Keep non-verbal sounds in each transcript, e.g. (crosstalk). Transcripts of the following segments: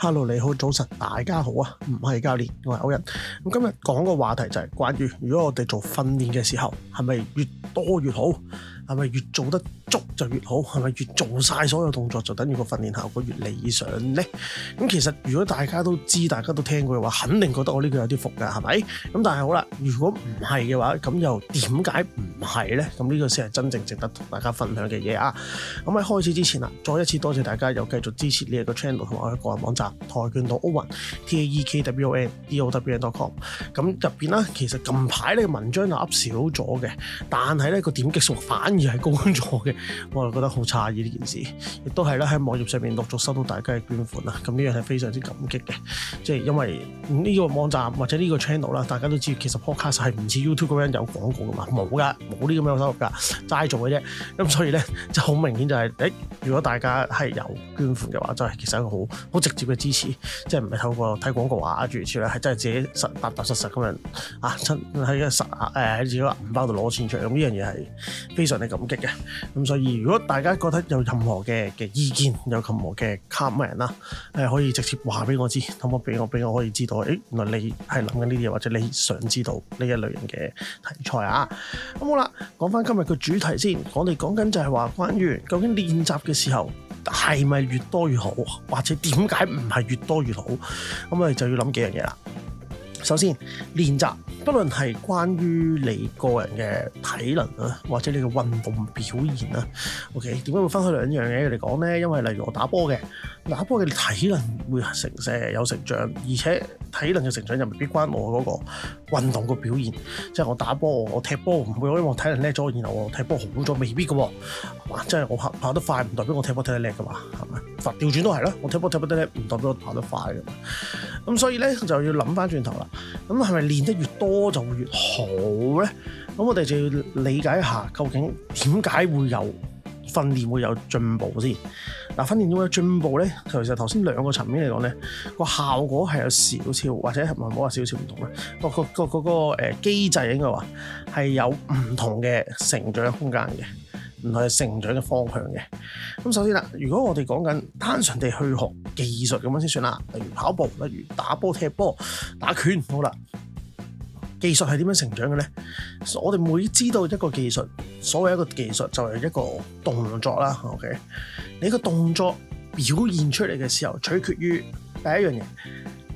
hello，你好，早晨，大家好啊！唔係教練，我係歐人。咁今日講個話題就係關於如果我哋做訓練嘅時候，係咪越多越好？係咪越做得足就越好？係咪越做晒所有動作就等於個訓練效果越理想呢？咁其實如果大家都知道，大家都聽過嘅話，肯定覺得我呢句有啲服㗎，係咪？咁但係好啦，如果唔係嘅話，咁又點解唔係呢？咁呢個先係真正值得同大家分享嘅嘢啊！咁喺開始之前啦，再一次多謝大家又繼續支持呢一個 channel 同埋我嘅個人網站跆拳道歐文 TAEKWONDOWEN.com。咁入邊啦，其實近排呢個文章就噏少咗嘅，但係呢個點擊數反。而係工作嘅，我就覺得好詫異呢件事，亦都係啦，喺網頁上面陸續收到大家嘅捐款啦，咁呢樣係非常之感激嘅，即係因為呢個網站或者呢個 channel 啦，大家都知其實 podcast 係唔似 YouTube 咁樣有廣告噶嘛，冇噶，冇呢咁樣嘅收入噶，齋做嘅啫。咁所以咧就好明顯就係，誒，如果大家係有捐款嘅話，就係、是、其實一個好好直接嘅支持，即係唔係透過睇廣告啊諸如此類，係真係自己實踏踏實實咁樣啊，親喺個十誒喺自己銀包度攞錢出嚟，咁呢樣嘢係非常。感激嘅。咁所以如果大家覺得有任何嘅嘅意見，有任何嘅 comment 啦，誒，可以直接話俾我知，可唔可以俾我俾我可以知道？誒、欸，原來你係諗緊呢啲嘢，或者你想知道呢一類型嘅題材啊？咁好啦，講翻今日個主題先，我哋講緊就係話關於究竟練習嘅時候係咪越多越好，或者點解唔係越多越好？咁我哋就要諗幾樣嘢啦。首先，練習，不論係關於你個人嘅體能啊，或者你嘅運動表現啊。o k 點解會分開兩樣嘢嚟講咧？因為例如我打波嘅。打波嘅佢體能會成成有成長，而且體能嘅成長又未必關我嗰個運動嘅表現。即係我打波，我踢波唔會因為我體能叻咗，然後我踢波好咗，未必㗎。哇、啊！即係我跑跑得快唔代表我踢波踢得叻㗎嘛，係咪？反調轉都係咯，我踢波踢得叻唔代表我跑得快㗎嘛。咁所以咧就要諗返轉頭啦。咁係咪練得越多就會越好咧？咁我哋就要理解一下究竟點解會有訓練會有進步先嗱，訓練會有進步咧？其實頭先兩個層面嚟講咧，個效果係有少少，或者係咪冇話少少唔同啦。啊嗰個、嗰個、嗰個嗰個誒機制應該話係有唔同嘅成長空間嘅，唔係成長嘅方向嘅。咁首先啦，如果我哋講緊單純地去學技術咁樣先算啦，例如跑步，例如打波、踢波、打拳，好啦。技術係點樣成長嘅咧？我哋每知道一個技術，所謂一個技術就係一個動作啦。OK，你個動作表現出嚟嘅時候，取決於第一樣嘢，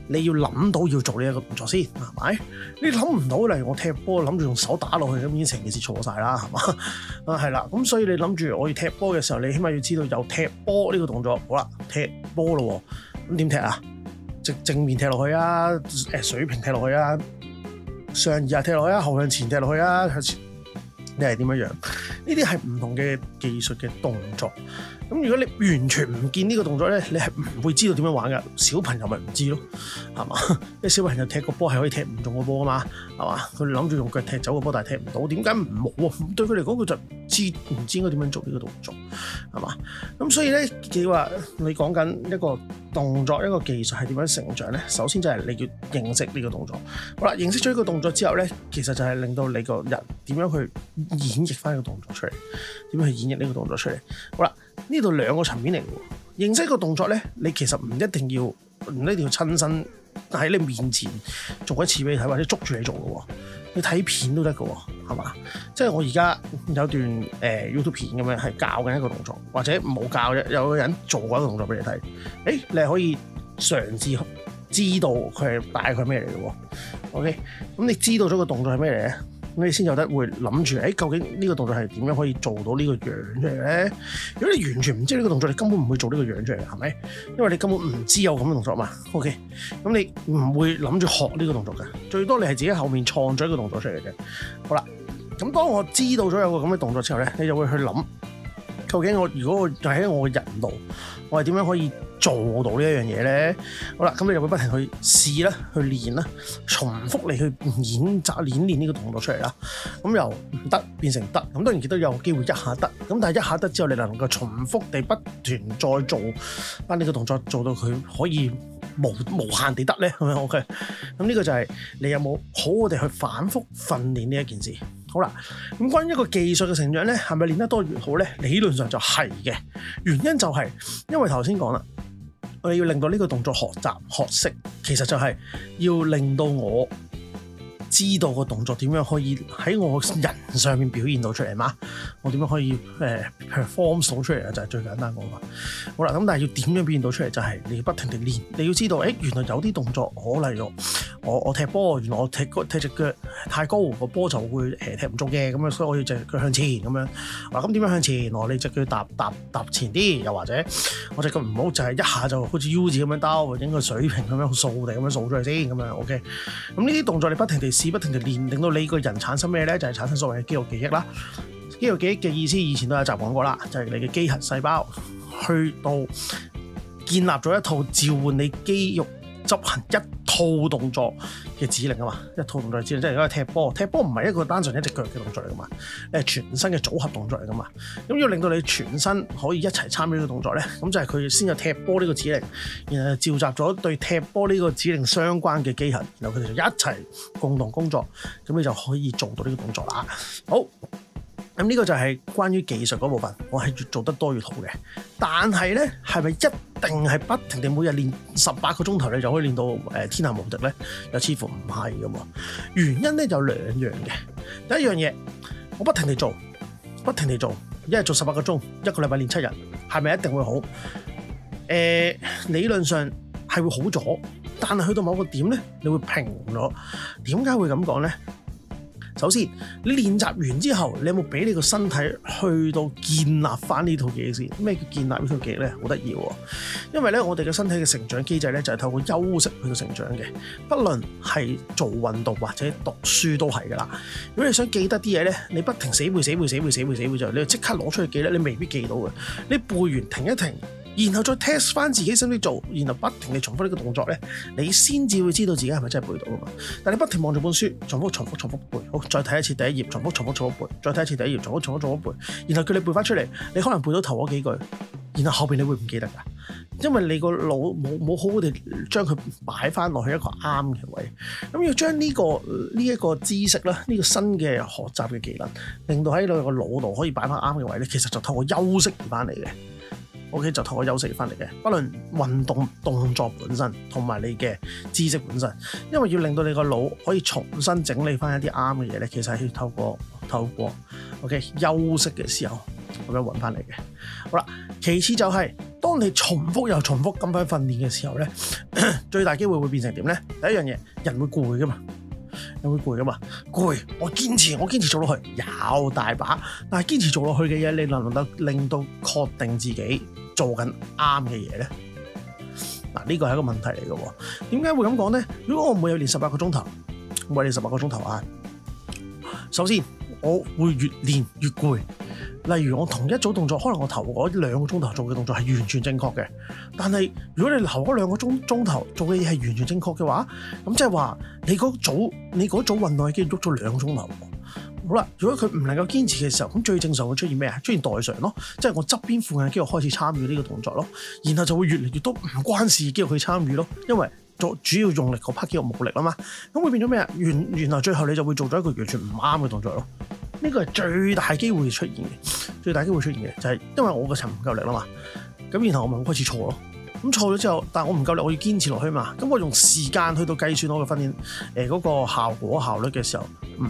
你要諗到要做呢一個動作先，係咪？你諗唔到，例如我踢波，諗住用手打落去，咁已經成件事錯晒啦，係嘛？啊，係啦，咁所以你諗住我要踢波嘅時候，你起碼要知道有踢波呢個動作。好啦，踢波啦喎，點踢啊？直正面踢落去啊？誒，水平踢落去啊？上移踢落去啊，後向前踢落去啊，向前，你係點樣？呢啲係唔同嘅技術嘅動作。咁如果你完全唔見呢個動作咧，你係唔會知道點樣玩噶。小朋友咪唔知咯，係嘛？啲小朋友踢個波係可以踢唔中個波啊嘛，係嘛？佢諗住用腳踢走個波，但係踢唔到，點解唔好啊？對佢嚟講，佢就唔知唔知應該點樣做呢個動作係嘛？咁所以咧，你話你講緊一個動作一個技術係點樣成長咧？首先就係你要認識呢個動作。好啦，認識咗呢個動作之後咧，其實就係令到你個人點樣去演繹翻個動作出嚟，點樣去演繹呢個動作出嚟。好啦。呢度兩個層面嚟嘅喎，認識一個動作咧，你其實唔一定要唔一定要親身喺你面前做一次俾你睇，或者捉住你做嘅喎，你睇片都得㗎喎，係嘛？即係我而家有段 YouTube 片咁樣係教緊一個動作，或者冇教啫，有個人做緊一個動作俾你睇，誒、欸，你係可以嘗試知道佢係大概咩嚟嘅喎。OK，咁你知道咗個動作係咩嚟咧？你先有得會諗住，誒、欸、究竟呢個動作係點樣可以做到呢個樣出嚟咧？如果你完全唔知呢個動作，你根本唔會做呢個樣出嚟，係咪？因為你根本唔知有咁嘅動作嘛。OK，咁你唔會諗住學呢個動作嘅，最多你係自己後面創咗一個動作出嚟嘅。好啦，咁當我知道咗有個咁嘅動作之後咧，你就會去諗。究竟我如果我就喺我嘅人度，我係點樣可以做到這件事呢一樣嘢咧？好啦，咁你又會不停去試啦，去練啦，重複你去演習、演練呢個動作出嚟啦。咁由唔得變成得，咁當然亦都有機會一下得。咁但係一下得之後，你就能夠重複地不斷再做翻呢個動作，做到佢可以無無限地得咧，係咪 OK？咁呢個就係你有冇好好地去反覆訓練呢一件事？好啦，咁關於一個技術嘅成長咧，係咪練得多越好咧？理論上就係嘅，原因就係因為頭先講啦，我哋要令到呢個動作學習學識，其實就係要令到我。知道個動作點樣可以喺我人上面表現到出嚟嘛？我點樣可以誒 perform 到出嚟啊？就係、是、最簡單嗰個。好啦，咁但係要點樣表現到出嚟？就係、是、你要不停地練。你要知道，誒、欸、原來有啲動作，我、哦、例如我我踢波，原來我踢個踢隻腳太高，個波就會誒踢唔中嘅。咁樣所以我要隻腳向前咁樣。嗱，咁點樣向前？我你隻腳要踏踏踏前啲，又或者我隻腳唔好就係、就是、一下就好似 U 字咁樣兜，或整個水平咁樣掃地咁樣掃出嚟先咁樣。OK，咁呢啲動作你不停地。不停就練，令到你個人產生咩咧？就係、是、產生所謂嘅肌肉記憶啦。肌肉記憶嘅意思，以前都有集講過啦，就係、是、你嘅肌核細胞去到建立咗一套召喚你肌肉執行一。套動作嘅指令啊嘛，一套動作嘅指令即係如果踢波，踢波唔係一個單純一隻腳嘅動作嚟噶嘛，係全身嘅組合動作嚟噶嘛。咁要令到你全身可以一齊參與呢個動作咧，咁就係、是、佢先有踢波呢個指令，然後召集咗對踢波呢個指令相關嘅機器，然後佢哋就一齊共同工作，咁你就可以做到呢個動作啦。好。咁呢個就係關於技術嗰部分，我係越做得越多越好嘅。但係咧，係咪一定係不停地每日練十八個鐘頭，你就可以練到誒天下無敵咧？又似乎唔係咁喎。原因咧就兩樣嘅。第一樣嘢，我不停地做，不停地做，一日做十八個鐘，一個禮拜練七日，係咪一定會好？誒，理論上係會好咗，但係去到某個點咧，你會平咗。點解會咁講咧？首先，你練習完之後，你有冇俾你個身體去到建立翻呢套記憶先？咩叫建立呢套記憶咧？好得意喎！因為咧，我哋嘅身體嘅成長機制咧，就係透過休息去到成長嘅，不論係做運動或者讀書都係噶啦。如果你想記得啲嘢咧，你不停死背死背死背死背死背就，你即刻攞出去記咧，你未必記到嘅。你背完停一停，然後再 test 翻自己使唔使做，然後不停地重複呢個動作呢，你先至會知道自己係咪真係背到啊嘛。但你不停望住本書，重複重複重複背，好，再睇一次第一頁，重複重複重複背，再睇一次第一頁，重複重複重複背，然後叫你背翻出嚟，你可能背到頭嗰幾句，然後後面你會唔記得㗎，因為你個腦冇冇好好地將佢擺翻落去一個啱嘅位。咁要將呢個呢一個知識啦，呢個新嘅學習嘅技能，令到喺你個腦度可以擺翻啱嘅位呢，其實就透過休息而翻嚟嘅。O.K. 就透過休息翻嚟嘅，不論運動動作本身同埋你嘅知識本身，因為要令到你個腦可以重新整理翻一啲啱嘅嘢咧，其實係要透過透過 O.K. 休息嘅時候，我而家揾翻嚟嘅。好啦，其次就係、是、當你重複又重複咁樣訓練嘅時候咧，最大機會會變成點咧？第一樣嘢，人會攰噶嘛，人會攰噶嘛，攰。我堅持，我堅持做落去有大把，但係堅持做落去嘅嘢，你能唔能夠令到確定自己做緊啱嘅嘢呢，嗱，呢個係一個問題嚟㗎喎。點解會咁講呢？如果我每日練十八個鐘頭，我每日練十八個鐘頭啊。首先，我會越練越攰。例如我同一組動作，可能我頭嗰兩個鐘頭做嘅動作係完全正確嘅，但係如果你頭嗰兩個鐘頭做嘅嘢係完全正確嘅話，咁即係話你嗰組你嗰組運動已經喐咗兩個鐘頭。好啦，如果佢唔能夠堅持嘅時候，咁最正常會出現咩啊？出現代償咯，即係我側邊附近嘅肌肉開始參與呢個動作咯，然後就會越嚟越多唔關事嘅肌肉去參與咯，因為做主要用力嗰 part 肌肉冇力啦嘛，咁會變咗咩啊？原然後最後你就會做咗一個完全唔啱嘅動作咯，呢、這個係最大機會出現嘅，最大機會出現嘅就係因為我嘅神唔夠力啦嘛，咁然後我咪開始錯咯。咁錯咗之後，但我唔夠力，我要堅持落去嘛。咁我用時間去到計算我嘅訓練，呃，嗰個效果效率嘅時候，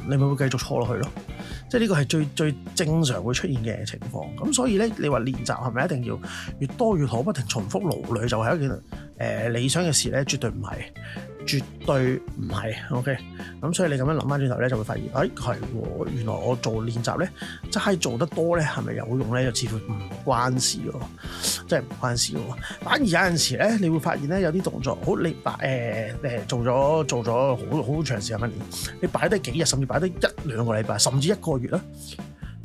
你咪會繼續錯落去囉。即係呢個係最最正常會出現嘅情況，咁所以咧，你話練習係咪一定要越多越好，不停重複勞累就係一件誒理想嘅事咧？絕對唔係，絕對唔係。OK，咁所以你咁樣諗返轉頭咧，就會發現，哎係喎，原來我做練習咧，即係做得多咧，係咪有用咧？就似乎唔關事咯，真係唔關事咯。反而有陣時咧，你會發現咧，有啲動作好你擺誒誒做咗做咗好好長時間訓練，你擺得幾日，甚至擺得一兩個禮拜，甚至，一個月咧，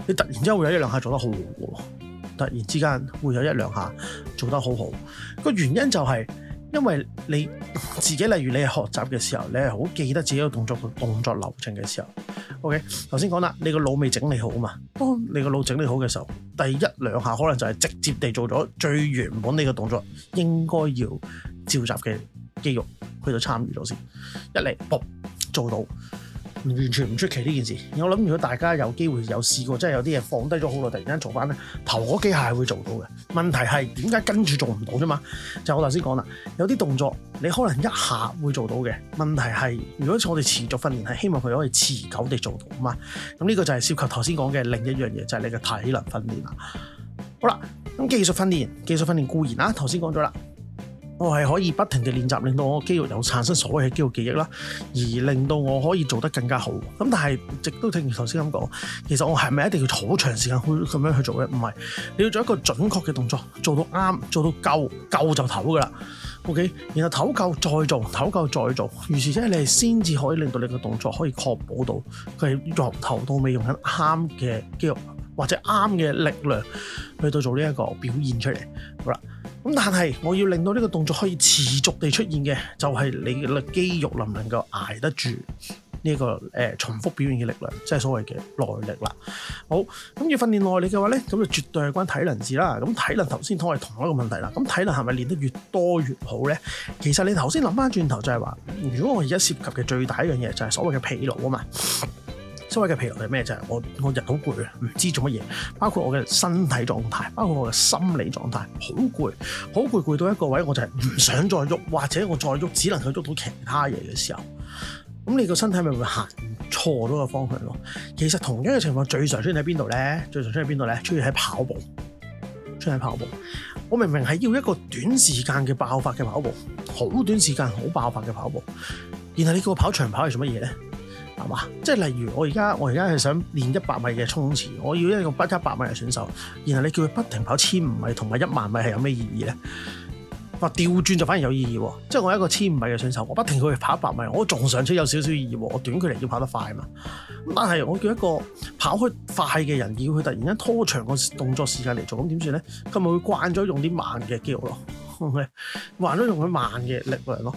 你突然之間會有一兩下做得好好嘅，突然之間會有一兩下做得好好。個原因就係，因為你自己，例如你係學習嘅時候，你係好記得自己個動作個動作流程嘅時候。OK，頭先講啦，你個腦未整理好嘛？當你個腦整理好嘅時候，第一兩下可能就係直接地做咗最原本你個動作應該要召集嘅肌肉，去到參與咗先。一嚟，噃做到。完全唔出奇呢件事，我諗如果大家有機會有試過，真係有啲嘢放低咗好耐，突然間做翻咧，頭嗰幾下係會做到嘅。問題係點解跟住做唔到啫嘛？就係我頭先講啦，有啲動作你可能一下會做到嘅。問題係如果我哋持續訓練，係希望佢可以持久地做到嘛？咁呢個就係涉及頭先講嘅另一樣嘢，就係、是、你嘅體能訓練啦。好啦，咁技術訓練，技術訓練固然啦，頭先講咗啦。我係可以不停地練習，令到我個肌肉有產生所謂嘅肌肉記憶啦，而令到我可以做得更加好。咁但係，直都聽完頭先咁講，其實我係咪一定要好長時間去咁樣去做呢？唔係，你要做一個準確嘅動作，做到啱，做到夠，夠就唞噶啦。OK，然後唞夠再做，唞夠再做，如是者，你係先至可以令到你嘅動作可以確保到佢係由頭到尾用緊啱嘅肌肉或者啱嘅力量去到做呢一個表現出嚟。好啦。咁但係我要令到呢個動作可以持續地出現嘅，就係你嘅肌肉能唔能夠挨得住呢、這個誒、呃、重複表現嘅力量，即係所謂嘅耐力啦。好，咁要訓練耐力嘅話呢，咁就絕對係關體能事啦。咁體能頭先同我係同一個問題啦。咁體能係咪練得越多越好呢？其實你頭先諗返轉頭就係、是、話，如果我而家涉及嘅最大一樣嘢就係所謂嘅疲勞啊嘛。所謂嘅疲勞係咩？就係、是、我我人好攰啊，唔知做乜嘢。包括我嘅身體狀態，包括我嘅心理狀態，好攰，好攰，攰到一個位，我就係唔想再喐，或者我再喐只能去喐到其他嘢嘅時候。咁你個身體咪會行錯咗個方向咯？其實同樣嘅情況最常出現喺邊度咧？最常出現喺邊度咧？出現喺跑步，出現喺跑步。我明明係要一個短時間嘅爆發嘅跑步，好短時間好爆發嘅跑步。然後你叫我跑長跑係做乜嘢咧？即係例如我而家我而家係想練一百米嘅衝刺，我要一個不一百米嘅選手，然後你叫佢不停跑千五米同埋一萬米係有咩意義咧？話調轉就反而有意義喎。即係我一個千五米嘅選手，我不停叫佢去跑一百米，我仲上車有少少意義。我短距離要跑得快嘛。咁但係我叫一個跑開快嘅人，要佢突然間拖長個動作時間嚟做，咁點算咧？咁咪會慣咗用啲慢嘅肌肉咯？唔係，話咗用佢慢嘅力量咯。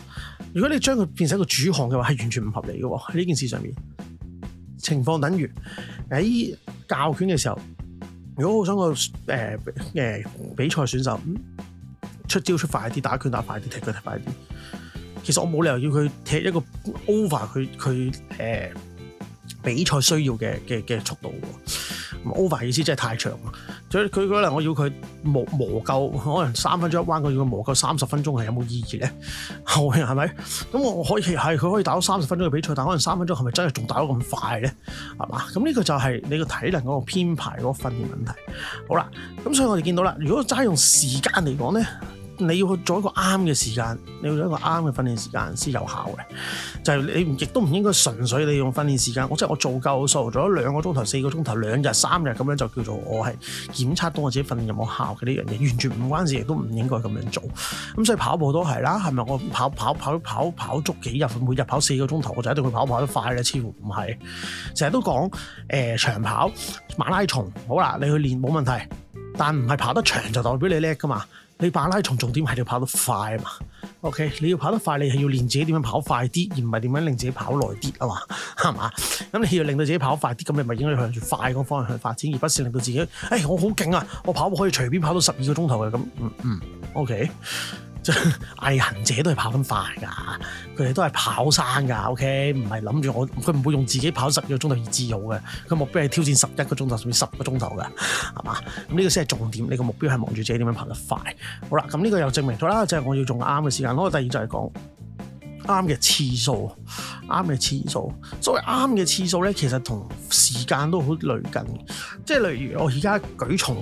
如果你將佢變成一個主項嘅話，係完全唔合理嘅喎。喺呢件事上面，情況等於喺教拳嘅時候，如果我想個誒誒比賽選手出招出快啲，打拳打快啲，踢腳踢快啲，其實我冇理由要佢踢一個 over 佢佢誒比賽需要嘅嘅嘅速度。over 意思真係太長，所以佢可能我要佢磨磨夠，可能三分鐘一彎，我要磨夠三十分鐘係有冇意義咧？係 (laughs) 咪？咁我可以係佢可以打到三十分鐘嘅比賽，但可能三分鐘係咪真係仲打到咁快咧？係嘛？咁呢個就係你個體能嗰個編排嗰個訓練問題。好啦，咁所以我哋見到啦，如果齋用時間嚟講咧。你要去做一個啱嘅時間，你要做一個啱嘅訓練時間先有效嘅。就係、是、你亦都唔應該純粹你用訓練時間。我即係我做夠數，做咗兩個鐘頭、四個鐘頭、兩日、三日咁樣就叫做我係檢測到我自己訓練有冇效嘅呢樣嘢，完全唔關事，亦都唔應該咁樣做。咁所以跑步都係啦，係咪我跑跑跑跑足幾日，每日跑四個鐘頭，我就一定會跑跑得快咧？似乎唔係。成日都講誒、呃、長跑馬拉松，好啦，你去練冇問題，但唔係跑得長就代表你叻㗎嘛？你馬拉松重點係你要跑得快啊嘛，OK？你要跑得快，你係要練自己點樣跑快啲，而唔係點樣令自己跑耐啲啊嘛，係嘛？咁你要令到自己跑快啲，咁你咪應該要向住快嗰方向去發展，而不是令到自己，誒、哎、我好勁啊，我跑步可以隨便跑到十二個鐘頭嘅咁，嗯嗯，OK？即係毅行者都係跑咁快㗎，佢哋都係跑山㗎，OK？唔係諗住我，佢唔會用自己跑十個鐘頭而自豪嘅，佢目標係挑戰十一個鐘頭甚至十個鐘頭㗎，係嘛？咁呢個先係重點，你個目標係望住自己點樣跑得快。好啦，咁呢個又證明咗啦，即係我要做啱嘅時間。我第二就係講。啱嘅次數，啱嘅次數。所謂啱嘅次數咧，其實同時間都好類近。即係例如我而家舉重，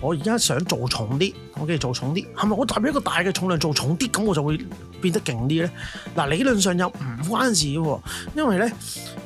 我而家想做重啲，我記做重啲係咪我代表一個大嘅重量做重啲，咁我就會變得勁啲咧？嗱，理論上又唔關事嘅，因為咧，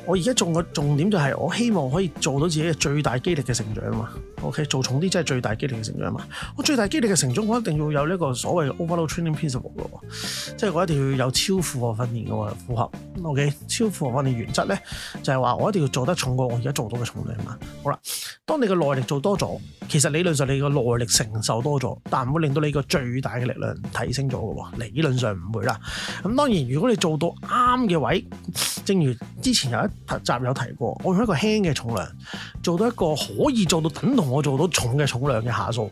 我而家重嘅重點就係我希望可以做到自己嘅最大肌力嘅成長嘛。O.K. 做重啲真係最大肌力嘅成長嘛？我最大肌力嘅成長，我一定要有呢個所謂 overload training principle 嘅，即係我一定要有超負荷訓練嘅喎，負荷 O.K. 超負荷訓練原則咧，就係話我一定要做得重過我而家做到嘅重量嘛。好啦，當你嘅耐力做多咗，其實理論上你嘅耐力承受多咗，但唔會令到你個最大嘅力量提升咗嘅喎，理論上唔會啦。咁當然，如果你做到啱嘅位，正如之前有一集有提過，我用一個輕嘅重量做到一個可以做到等同。我做到重嘅重量嘅下數，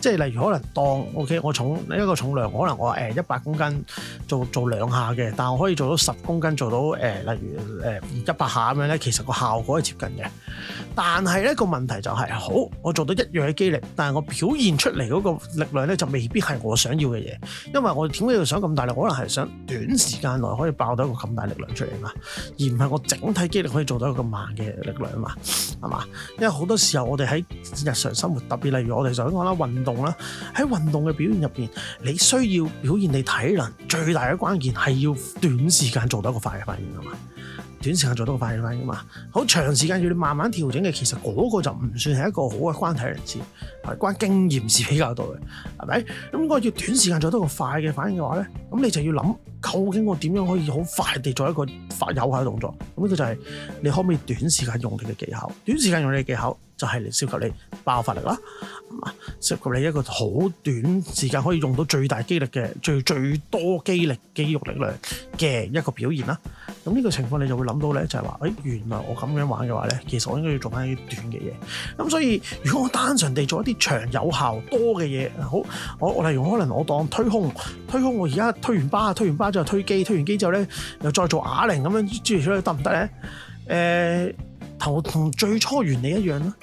即係例如可能當 O.K. 我重一個重量，可能我誒一百公斤做做兩下嘅，但係我可以做到十公斤做到誒、欸，例如誒一百下咁樣咧，其實個效果係接近嘅。但係咧個問題就係、是，好我做到一樣嘅肌力，但係我表現出嚟嗰個力量咧，就未必係我想要嘅嘢。因為我點解要想咁大力？可能係想短時間內可以爆到一個咁大力量出嚟嘛，而唔係我整體肌力可以做到一個咁慢嘅力量嘛，係嘛？因為好多時候我哋喺日常生活，特別例如我哋想講講啦，運動啦，喺運動嘅表現入邊，你需要表現你體能最大嘅關鍵係要短時間做到一個快嘅反應啊嘛，短時間做到個快嘅反應啊嘛，好長時間要你慢慢調整嘅，其實嗰個就唔算係一個好嘅關體人士，係關經驗是比較多嘅，係咪？咁如果要短時間做到個快嘅反應嘅話咧，咁你就要諗，究竟我點樣可以好快地做一個發有效嘅動作？咁呢個就係你可唔可以短時間用你嘅技巧？短時間用你嘅技巧。就係、嚟涉及你爆發力啦，涉及你一個好短時間可以用到最大肌力嘅最最多肌力肌肉力量嘅一個表現啦。咁呢個情況你就會諗到咧，就係話，誒，原來我咁樣玩嘅話咧，其實我應該要做翻啲短嘅嘢。咁所以如果我單純地做一啲長有效多嘅嘢，好，我我例如可能我當推胸，推胸我而家推完巴，推完巴之後推機，推完機之後咧又再做啞鈴，咁樣諸如此類得唔得咧？誒頭同最初原理一樣啦，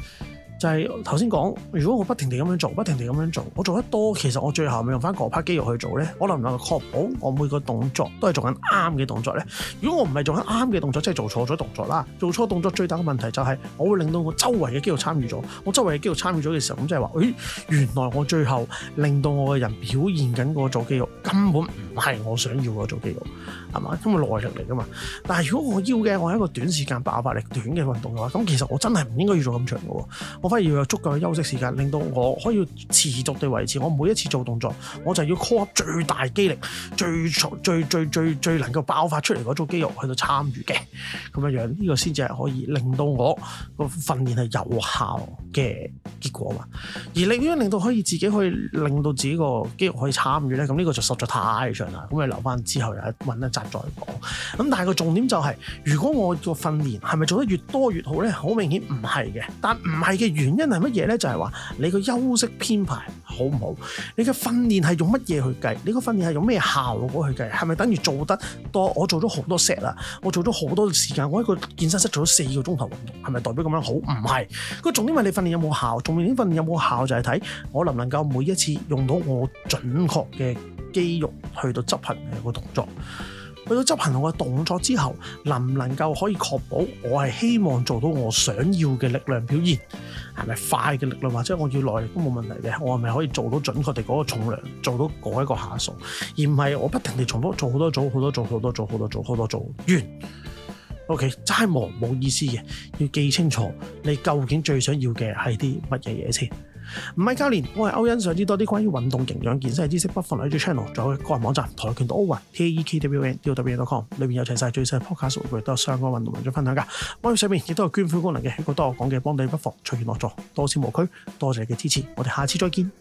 就係頭先講。如果我不停地咁樣做，不停地咁樣做，我做得多，其實我最後咪用翻嗰批肌肉去做咧。我能唔能夠確保我每個動作都係做緊啱嘅動作咧？如果我唔係做緊啱嘅動作，即係做錯咗動作啦。做錯動作最大嘅問題就係我會令到我周圍嘅肌肉參與咗。我周圍嘅肌肉參與咗嘅時候，咁即係話，誒，原來我最後令到我嘅人表現緊嗰組肌肉根本。係，我想要嘅種肌肉係嘛？咁啊耐力嚟㗎嘛。但係如果我要嘅，我係一個短時間爆發力、短嘅運動嘅話，咁其實我真係唔應該要做咁長嘅喎。我反而要有足夠嘅休息時間，令到我可以持續地維持我每一次做動作，我就要 call 最大肌力、最最最最最能夠爆發出嚟嗰種肌肉去到參與嘅咁樣樣呢、呢個先至係可以令到我個訓練係有效嘅結果嘛。而你點樣令到可以自己可以令到自己個肌肉可以參與咧？咁呢個就實在太咁你留翻之後又揾一集再講。咁但係個重點就係，如果我個訓練係咪做得越多越好咧？好明顯唔係嘅。但唔係嘅原因係乜嘢咧？就係話你個休息編排好唔好？你嘅訓練係用乜嘢去計？你個訓練係用咩效果去計？係咪等於做得多？我做咗好多 set 啦，我做咗好多時間，我喺個健身室做咗四個鐘頭運動，係咪代表咁樣好？唔係。個重點係你訓練有冇效？重點訓練有冇效就係睇我能唔能夠每一次用到我準確嘅。肌肉去到執行嘅個動作，去到執行我嘅動作之後，能唔能夠可以確保我係希望做到我想要嘅力量表現，係咪快嘅力量，或者我要耐力都冇問題嘅，我係咪可以做到準確地嗰個重量，做到嗰一個下數，而唔係我不停地重複做好多組，做好多組，做好多組，做好多組，做好多組完。OK，齋磨冇意思嘅，要記清楚你究竟最想要嘅係啲乜嘢嘢先。唔係教練，我係歐恩，想知道多啲關於運動營養健身嘅知識不，不妨嚟住 channel，仲有個人網站跆拳道歐文 T E K W N D W N 點 com，裏面有齊晒最新嘅 podcast，全部都係相關運動文章分享噶。我喺上面亦都有捐款功能嘅，如果多我講嘅，幫你不妨隨緣樂助，多少無拘，多謝你嘅支持，我哋下次再見。